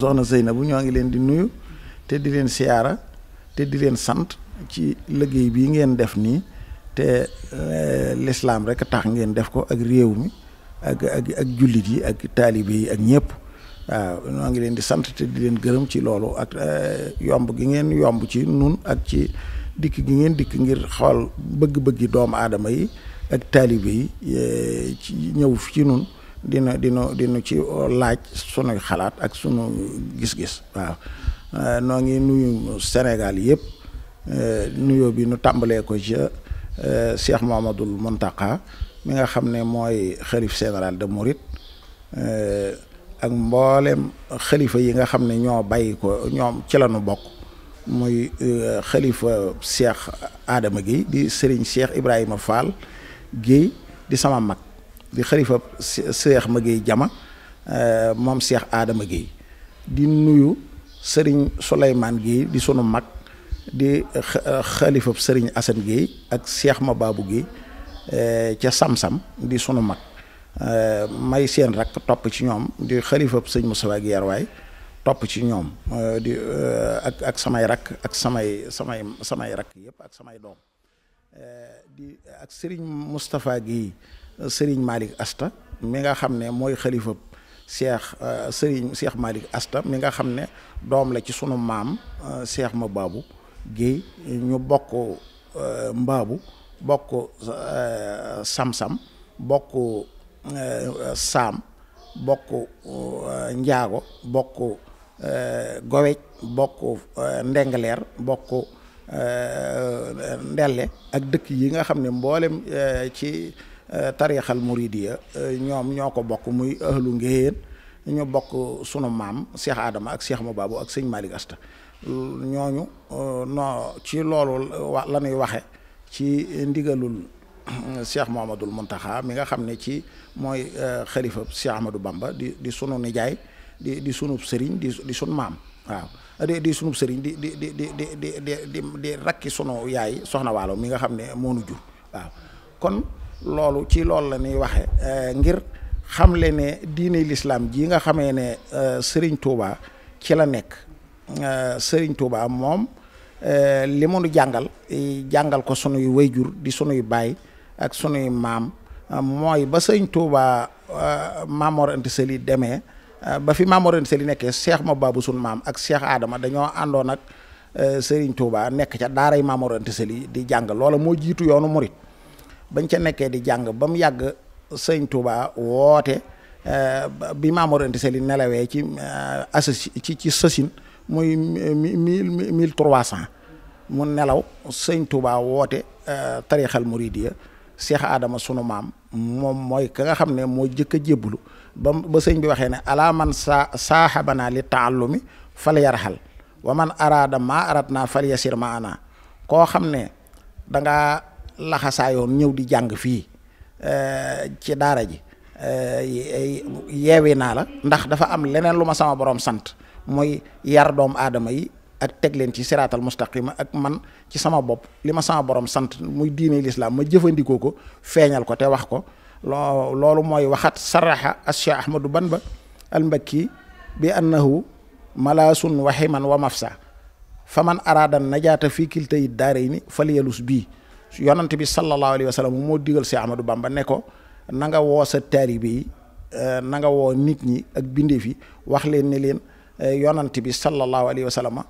soxna Seynabou ñoo ngi leen di nuyu te di leen siyaara te di leen sant ci liggéey bii ngeen def nii te euh, lislaam rek tax ngeen def ko ak réew mi ak ak ak jullit yi ak taalibe yi ak ñëpp waaw ñoo ngi leen di sant te di leen gërëm ci loolu ak euh, yomb gi ngeen yomb ci nun ak ci dikk gi ngeen dikk ngir xool bëgg-bëggi doomu aadama yi ak taalibe yi euh, ci ñëw fi ci nun dina dina dina ci laaj sunuy xalaat ak sunu gis-gis waaw euh, noo ngi nuyu Sénégal yëpp euh, nuyoo bi nu tàmbalee ko ci euh, Cheikh Mouhamadoul Mountakha mi nga xam ne mooy xalif général de Mouride ak mboolem xalifa yi nga xam ne ñoo bàyyi ko ñoom ci la nu bokk muy xalifa Cheikh Adama Guèye di Serigne Cheikh Ibrahima Fall Guèye di sama mag. di xalifa seex ma géey jama euh, moom seex aadama géey di nuyu sëriñ Souleymane géey di sunu mag di euh, xalifa sëriñ Assane géey ak seex ma baabu géey euh, ca sam-sam di sunu mag may seen rak topp ci ñoom di xalifa sëñ Moustapha Guèye Yarwaay topp ci ñoom di ak ak samay rak ak samay samay samay rak yëpp ak samay doom ak sëriñ Moustapha Guèye Serigne Malick Asta mi nga xam ne mooy xalifa Cheikh euh, Serigne Cheikh Malick Asta mi nga xam ne doom la ci sunu maam euh, Cheikh ma Babou Guèye ñu bokk euh, mbaabu bokk samsam bokk saam bokk njaago bokk gowec bokk ndengaleer bokk ndelle ak dëkk yi nga xam ne mboolem ci Euh, tarixal muridiya euh, ñoom ñoo ko bokk muy ahlu ngéyeen ñu bokk sunu maam Cheikh Adama ak Cheikh Mabaabu ak sëñ Malick Asta ñooñu euh, no ci loolu la ñuy waxe ci ndigalul Cheikh Mouhamadoul Mountakha mi nga xam ne ci mooy xalifa Cheikh Ahmadou Bamba di di sunu nijaay di di sunub sëriñ di di sunu maam waaw di di sunub sëriñ di di di di di di di rakki sunu yaay soxna waalo mi nga xam ne moonu jur waaw kon loolu ci loolu la ñuy waxe euh, ngir xamle ne diine lislaam jii nga xamee ne euh, sëriñ Touba ci la nekk euh, sëriñ Touba moom li mu nu jàngal jàngal ko sunuy wayjur di sunuy baay ak sunuy maam mooy ba sëriñ Touba Mamor Anta Sali demee ba fi Mamor Anta Sali nekkee seex ma baabu sun maam ak seex aadama dañoo àndoon ak sëriñ Touba nekk ca daaray Mamor Anta Sali di jàng loola moo jiitu yoonu murit bañ ca nekkee di jàng ba mu yàgg sëñ Touba woote eh, bi Maamor Anta seeli nelawee ci eh, associ ci ci sosin muy mil mille trois cent mu nelaw sëñ Touba woote eh, tarixal muridiya Cheikh Adama sunu maam moom mooy ka nga xam ne moo jëkk a jébbalu ba ba bi waxee ne alaa man saa saaxabanaa li taallumi fal yarxal wa man araada maa arat naa fal ma ana koo xam ne dangaa laxasaayoon ñëw di jàng fii eh, ci daara ji eh, yeewi naa la ndax dafa am leneen lu ma sama borom sant mooy yar doom aadama yi ak teg leen ci siraatal mustaqima ak man ci sama bopp li ma sama borom sant muy diine lislaam ma jëfandikoo ko feeñal ko te wax ko loo loolu mooy waxat saraxa Cheikh Ahmadou Bamba al-Mbakki bi annahu malaasun waximan wa mafsa man araada najaata fii kiltayit daarayni falyalus bii yonante bi sallallahu alayhi wa sallam moo digal si Ahmadou Bamba ne ko na nga woo sa taalibe yi eh, na nga woo nit ñi ak bindeef yi wax leen ne leen eh, yonante bi sallallahu alayhi wa sallam